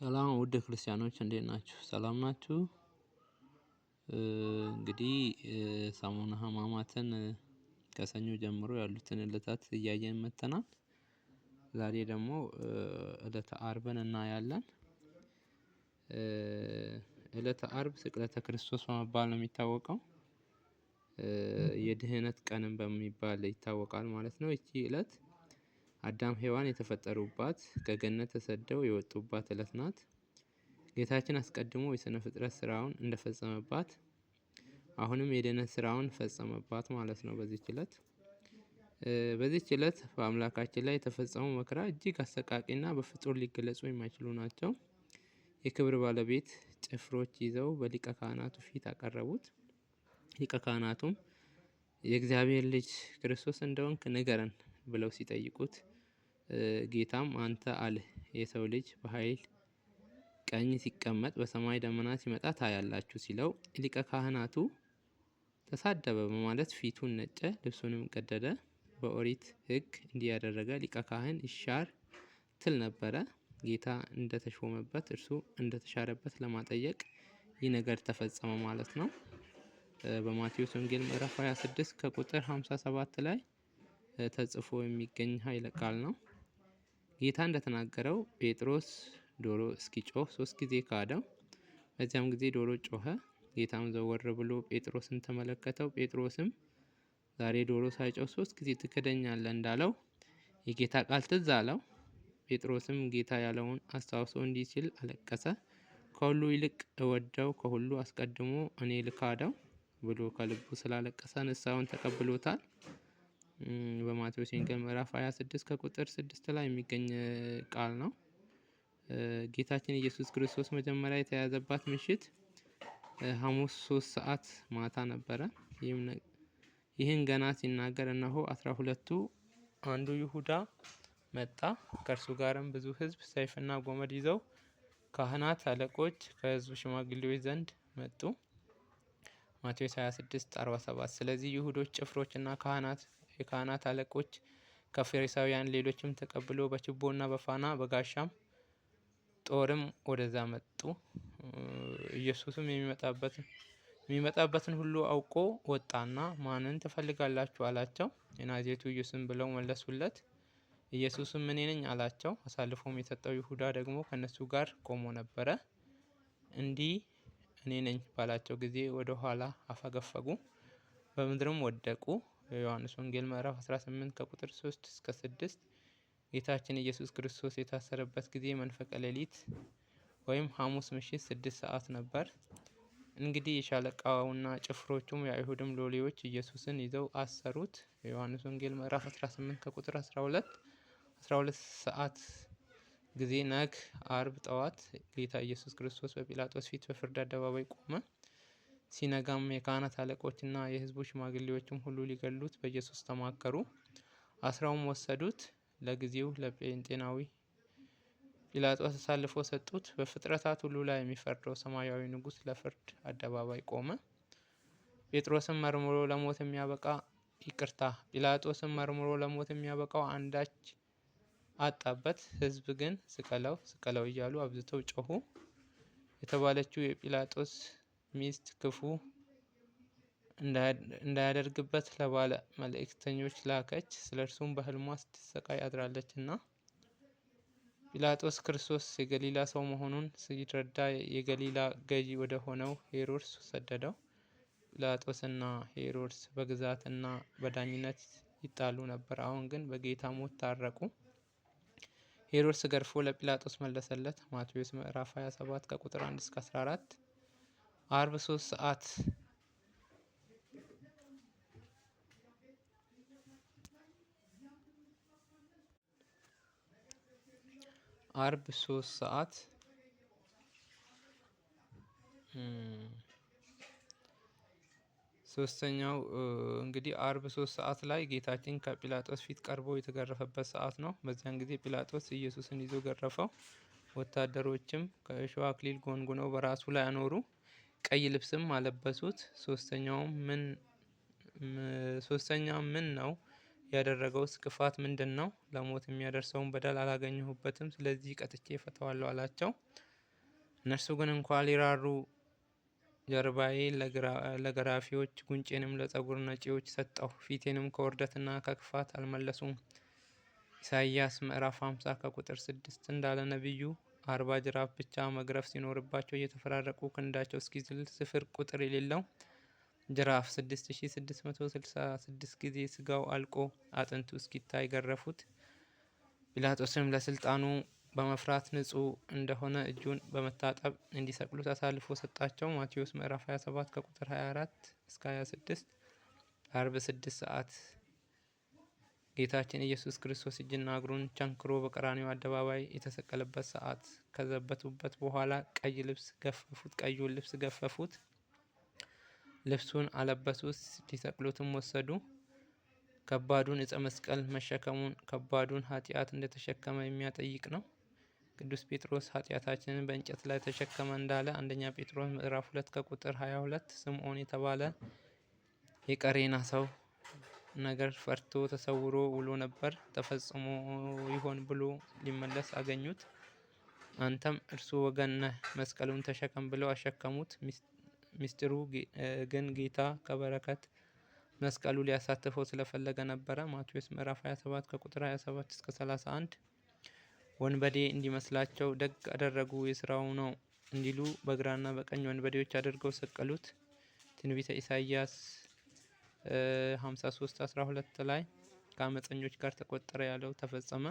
ሰላም ውድ ክርስቲያኖች እንዴት ናችሁ? ሰላም ናችሁ? እንግዲህ ሰሙነ ሕማማትን ከሰኞ ጀምሮ ያሉትን እለታት እያየን መተናል። ዛሬ ደግሞ እለተ አርብን እናያለን። እለተ አርብ ስቅለተ ክርስቶስ በመባል ነው የሚታወቀው። የድህነት ቀንም በሚባል ይታወቃል ማለት ነው። ይቺ እለት አዳም ሔዋን የተፈጠሩባት ከገነት ተሰደው የወጡባት እለት ናት። ጌታችን አስቀድሞ የሥነ ፍጥረት ስራውን እንደፈጸመባት አሁንም የድህነት ስራውን ፈጸመባት ማለት ነው። በዚች እለት በዚች እለት በአምላካችን ላይ የተፈጸመው መከራ እጅግ አሰቃቂና በፍጡር ሊገለጹ የማይችሉ ናቸው። የክብር ባለቤት ጭፍሮች ይዘው በሊቀ ካህናቱ ፊት አቀረቡት። ሊቀ ካህናቱም የእግዚአብሔር ልጅ ክርስቶስ እንደሆንክ ንገረን ብለው ሲጠይቁት ጌታም አንተ አልህ የሰው ልጅ በኃይል ቀኝ ሲቀመጥ በሰማይ ደመና ሲመጣ ታያላችሁ ሲለው ሊቀ ካህናቱ ተሳደበ በማለት ፊቱን ነጨ፣ ልብሱንም ቀደደ። በኦሪት ሕግ እንዲያደረገ ሊቀ ካህን ይሻር ትል ነበረ። ጌታ እንደተሾመበት እርሱ እንደተሻረበት ለማጠየቅ ይህ ነገር ተፈጸመ ማለት ነው። በማቴዎስ ወንጌል ምዕራፍ 26 ከቁጥር 57 ላይ ተጽፎ የሚገኝ ኃይለ ቃል ነው። ጌታ እንደተናገረው ጴጥሮስ ዶሮ እስኪጮህ ሶስት ጊዜ ካደው። በዚያም ጊዜ ዶሮ ጮኸ። ጌታም ዘወር ብሎ ጴጥሮስን ተመለከተው። ጴጥሮስም ዛሬ ዶሮ ሳይጮህ ሶስት ጊዜ ትክደኛለህ እንዳለው የጌታ ቃል ትዝ አለው። ጴጥሮስም ጌታ ያለውን አስታውሶ እንዲህ ሲል አለቀሰ። ከሁሉ ይልቅ እወደው ከሁሉ አስቀድሞ እኔ ልካደው ብሎ ከልቡ ስላለቀሰ ንስሐውን ተቀብሎታል። በማቴዎስ ወንጌል ምዕራፍ 26 ከቁጥር 6 ላይ የሚገኝ ቃል ነው። ጌታችን ኢየሱስ ክርስቶስ መጀመሪያ የተያዘባት ምሽት ሐሙስ ሶስት ሰዓት ማታ ነበረ። ይህን ገና ሲናገር እነሆ አስራ ሁለቱ አንዱ ይሁዳ መጣ፣ ከእርሱ ጋርም ብዙ ሕዝብ ሰይፍና ጎመድ ይዘው ካህናት፣ አለቆች ከሕዝቡ ሽማግሌዎች ዘንድ መጡ። ማቴዎስ 26 47 ስለዚህ ይሁዶች ጭፍሮችና ካህናት የካህናት አለቆች ከፈሪሳውያን ሌሎችም ተቀብሎ በችቦና በፋና በጋሻም ጦርም ወደዛ መጡ። ኢየሱስም የሚመጣበትን ሁሉ አውቆ ወጣና ማንን ትፈልጋላችሁ አላቸው። የናዝሬቱ ኢየሱስን ብለው መለሱለት። ኢየሱስም እኔ ነኝ አላቸው። አሳልፎም የሰጠው ይሁዳ ደግሞ ከነሱ ጋር ቆሞ ነበረ። እንዲህ እኔ ነኝ ባላቸው ጊዜ ወደ ኋላ አፈገፈጉ፣ በምድርም ወደቁ። ዮሐንስ ወንጌል ምዕራፍ 18 ከቁጥር 3 እስከ 6 ጌታችን ኢየሱስ ክርስቶስ የታሰረበት ጊዜ መንፈቀ ሌሊት ወይም ሐሙስ ምሽት ስድስት ሰዓት ነበር። እንግዲህ የሻለቃውና ጭፍሮቹም የአይሁድም ሎሌዎች ኢየሱስን ይዘው አሰሩት። የዮሐንስ ወንጌል ምዕራፍ 18 ከቁጥር 12 12 ሰዓት ጊዜ ነግ አርብ ጠዋት ጌታ ኢየሱስ ክርስቶስ በጲላጦስ ፊት በፍርድ አደባባይ ቆመ። ሲነጋም የካህናት አለቆችና የህዝቡ ሽማግሌዎችም ሁሉ ሊገሉት በኢየሱስ ተማከሩ። አስረውም ወሰዱት። ለጊዜው ለጴንጤናዊ ጲላጦስ አሳልፎ ሰጡት። በፍጥረታት ሁሉ ላይ የሚፈርደው ሰማያዊ ንጉሥ ለፍርድ አደባባይ ቆመ። ጴጥሮስም መርምሮ ለሞት የሚያበቃ ይቅርታ፣ ጲላጦስም መርምሮ ለሞት የሚያበቃው አንዳች አጣበት። ህዝብ ግን ስቀለው ስቀለው እያሉ አብዝተው ጮሁ። የተባለችው የጲላጦስ ሚስት ክፉ እንዳያደርግበት ለባለ መልእክተኞች ላከች። ስለ እርሱም ስትሰቃይ አድራለች እና ጲላጦስ ክርስቶስ የገሊላ ሰው መሆኑን ሲረዳ የገሊላ ገዢ ወደ ሆነው ሄሮድስ ሰደደው። ጲላጦስ እና ሄሮድስ በግዛት እና በዳኝነት ይጣሉ ነበር። አሁን ግን በጌታ ሞት ታረቁ። ሄሮድስ ገርፎ ለጲላጦስ መለሰለት። ማቴዎስ ምዕራፍ 27 ከቁጥር 1 እስከ 14 አርብ ሶስት ሰዓት አርብ ሶስት ሰዓት ሶስተኛው እንግዲህ አርብ ሶስት ሰዓት ላይ ጌታችን ከጲላጦስ ፊት ቀርቦ የተገረፈበት ሰዓት ነው። በዚያን ጊዜ ጲላጦስ ኢየሱስን ይዞ ገረፈው። ወታደሮችም ከእሾህ አክሊል ጎንጉነው በራሱ ላይ አኖሩ። ቀይ ልብስም አለበሱት። ሶስተኛው ምን ነው ያደረገውስ ክፋት ምንድን ነው? ለሞት የሚያደርሰውን በደል አላገኘሁበትም፣ ስለዚህ ቀጥቼ ፈተዋለሁ አላቸው። እነርሱ ግን እንኳ ሊራሩ ጀርባዬ ለገራፊዎች ጉንጬንም ለፀጉር ነጪዎች ሰጠሁ፣ ፊቴንም ከውርደትና ከክፋት አልመለሱም። ኢሳይያስ ምዕራፍ 50 ከቁጥር 6 እንዳለ ነቢዩ አርባ ጅራፍ ብቻ መግረፍ ሲኖርባቸው እየተፈራረቁ ክንዳቸው እስኪዝል ስፍር ቁጥር የሌለው ጅራፍ 6666 ጊዜ ስጋው አልቆ አጥንቱ እስኪታይ ገረፉት። ጲላጦስም ለስልጣኑ በመፍራት ንጹህ እንደሆነ እጁን በመታጠብ እንዲሰቅሉት አሳልፎ ሰጣቸው። ማቴዎስ ምዕራፍ 27 ከቁጥር 24 እስከ 26 አርብ 6 ሰዓት ጌታችን ኢየሱስ ክርስቶስ እጅና እግሩን ቸንክሮ በቀራንዮ አደባባይ የተሰቀለበት ሰዓት ከዘበቱበት በኋላ ቀይ ልብስ ገፈፉት። ቀዩን ልብስ ገፈፉት፣ ልብሱን አለበሱት፣ ሊሰቅሉትም ወሰዱ። ከባዱን እጸ መስቀል መሸከሙን ከባዱን ኃጢአት እንደተሸከመ የሚያጠይቅ ነው። ቅዱስ ጴጥሮስ ኃጢአታችንን በእንጨት ላይ ተሸከመ እንዳለ አንደኛ ጴጥሮስ ምዕራፍ ሁለት ከቁጥር ሀያ ሁለት ስምዖን የተባለ የቀሬና ሰው ነገር ፈርቶ ተሰውሮ ውሎ ነበር። ተፈጽሞ ይሆን ብሎ ሊመለስ አገኙት። አንተም እርሱ ወገን ነህ፣ መስቀሉን ተሸከም ብለው አሸከሙት። ሚስጢሩ ግን ጌታ ከበረከት መስቀሉ ሊያሳትፈው ስለፈለገ ነበረ። ማቴዎስ ምዕራፍ 27 ከቁጥር 27 እስከ 31። ወንበዴ እንዲመስላቸው ደግ አደረጉ፣ የስራው ነው እንዲሉ በግራና በቀኝ ወንበዴዎች አድርገው ሰቀሉት። ትንቢተ ኢሳይያስ 53 12 ላይ ከአመፀኞች ጋር ተቆጠረ ያለው ተፈጸመ።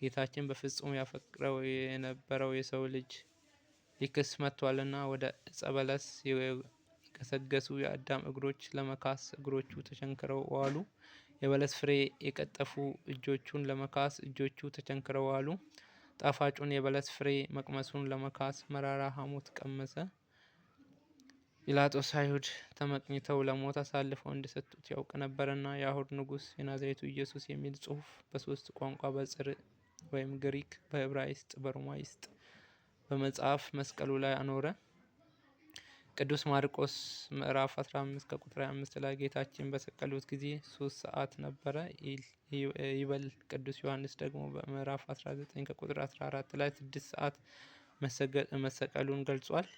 ጌታችን በፍጹም ያፈቅረው የነበረው የሰው ልጅ ሊክስ መጥቷልና ወደ እጸ በለስ የገሰገሱ የአዳም እግሮች ለመካስ እግሮቹ ተቸንክረው ዋሉ። የበለስ ፍሬ የቀጠፉ እጆቹን ለመካስ እጆቹ ተቸንክረው ዋሉ። ጣፋጩን የበለስ ፍሬ መቅመሱን ለመካስ መራራ ሐሞት ቀመሰ። ጲላጦስ አይሁድ ተመቅኝተው ለሞት አሳልፈው እንደሰጡት ያውቅ ነበርና የአይሁድ ንጉሥ የናዝሬቱ ኢየሱስ የሚል ጽሑፍ በሶስት ቋንቋ በጽር ወይም ግሪክ፣ በዕብራይስጥ፣ በሮማይስጥ በመጽሐፍ መስቀሉ ላይ አኖረ። ቅዱስ ማርቆስ ምዕራፍ 15 ከቁጥር 25 ላይ ጌታችን በሰቀሉት ጊዜ ሶስት ሰዓት ነበረ ይበል። ቅዱስ ዮሐንስ ደግሞ በምዕራፍ 19 ከቁጥር 14 ላይ ስድስት ሰዓት መሰቀሉን ገልጿል።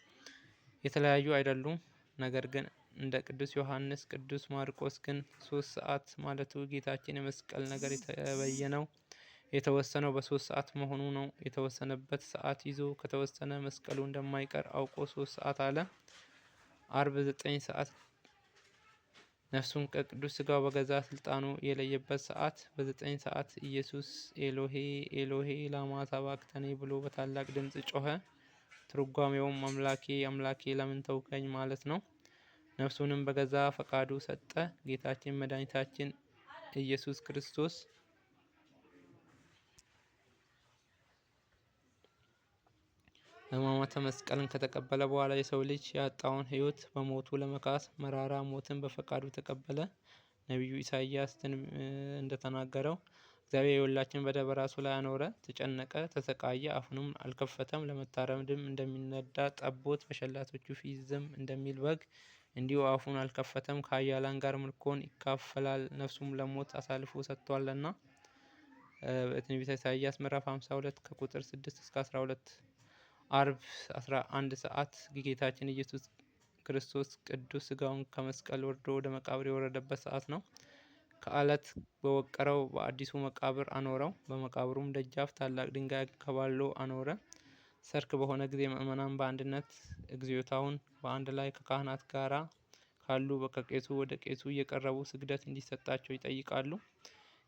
የተለያዩ አይደሉም። ነገር ግን እንደ ቅዱስ ዮሐንስ፣ ቅዱስ ማርቆስ ግን ሶስት ሰዓት ማለቱ ጌታችን የመስቀል ነገር የተበየነው የተወሰነው በሶስት ሰዓት መሆኑ ነው። የተወሰነበት ሰዓት ይዞ ከተወሰነ መስቀሉ እንደማይቀር አውቆ ሶስት ሰዓት አለ። አርብ ዘጠኝ ሰዓት ነፍሱን ከቅዱስ ስጋው በገዛ ስልጣኑ የለየበት ሰዓት። በዘጠኝ ሰዓት ኢየሱስ ኤሎሄ ኤሎሄ ላማ ሳባክተኔ ብሎ በታላቅ ድምፅ ጮኸ። ትርጓሜውም አምላኬ አምላኬ ለምን ተውከኝ ማለት ነው። ነፍሱንም በገዛ ፈቃዱ ሰጠ። ጌታችን መድኃኒታችን ኢየሱስ ክርስቶስ ሕማማተ መስቀልን ከተቀበለ በኋላ የሰው ልጅ ያጣውን ሕይወት በሞቱ ለመካስ መራራ ሞትን በፈቃዱ ተቀበለ። ነቢዩ ኢሳያስ እንደተናገረው እግዚአብሔር የሁላችን በደብ ራሱ ላይ አኖረ። ተጨነቀ፣ ተሰቃየ፣ አፉንም አልከፈተም። ለመታረም ድም እንደሚነዳ ጠቦት በሸላቶቹ ፊት ዝም እንደሚል በግ እንዲሁ አፉን አልከፈተም። ከአያላን ጋር ምርኮን ይካፈላል፣ ነፍሱም ለሞት አሳልፎ ሰጥቷልና። በትንቢተ ኢሳያስ ምዕራፍ 52 ከቁጥር 6 እስከ 12። አርብ 11 ሰዓት ጌታችን ኢየሱስ ክርስቶስ ቅዱስ ስጋውን ከመስቀል ወርዶ ወደ መቃብር የወረደበት ሰዓት ነው። ከዓለት በወቀረው በአዲሱ መቃብር አኖረው። በመቃብሩም ደጃፍ ታላቅ ድንጋይ ከባሎ አኖረ። ሰርክ በሆነ ጊዜ ምእመናን በአንድነት እግዚኦታውን በአንድ ላይ ከካህናት ጋራ ካሉ ከቄሱ ወደ ቄሱ እየቀረቡ ስግደት እንዲሰጣቸው ይጠይቃሉ።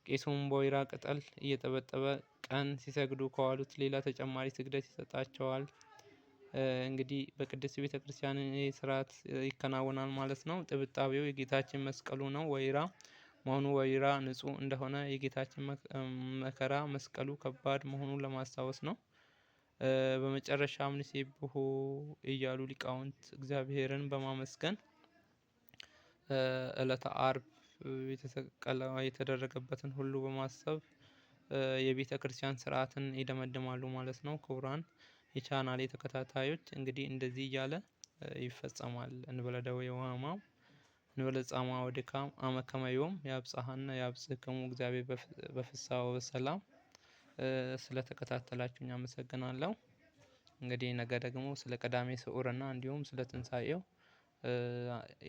ቄሱም በወይራ ቅጠል እየጠበጠበ ቀን ሲሰግዱ ከዋሉት ሌላ ተጨማሪ ስግደት ይሰጣቸዋል። እንግዲህ በቅድስት ቤተ ክርስቲያን ስርዓት ይከናወናል ማለት ነው። ጥብጣቤው የጌታችን መስቀሉ ነው። ወይራ መሆኑ ወይራ ንጹህ እንደሆነ የጌታችን መከራ መስቀሉ ከባድ መሆኑን ለማስታወስ ነው። ምንሴ ኒሴብሖ እያሉ ሊቃውንት እግዚአብሔርን በማመስገን እለተ አርብ የተሰቀለ የተደረገበትን ሁሉ በማሰብ የቤተ ክርስቲያን ስርዓትን ይደመድማሉ ማለት ነው። ክቡራን የቻናሌ ተከታታዮች እንግዲህ እንደዚህ እያለ ይፈጸማል። እንበለ ደዌ ወሕማም ንበለጻማ ወድካም አመከመዮም ያብጽሐና ያብጽሕክሙ እግዚአብሔር በፍስሐ ወበሰላም። ስለተከታተላችሁኝ አመሰግናለሁ። እንግዲህ ነገ ደግሞ ስለ ቀዳሜ ስዑርና እንዲሁም ስለ ትንሣኤው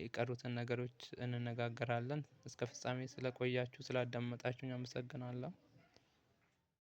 የቀሩትን ነገሮች እንነጋገራለን። እስከ ፍጻሜ ስለቆያችሁ ስላዳመጣችሁኝ አመሰግናለሁ።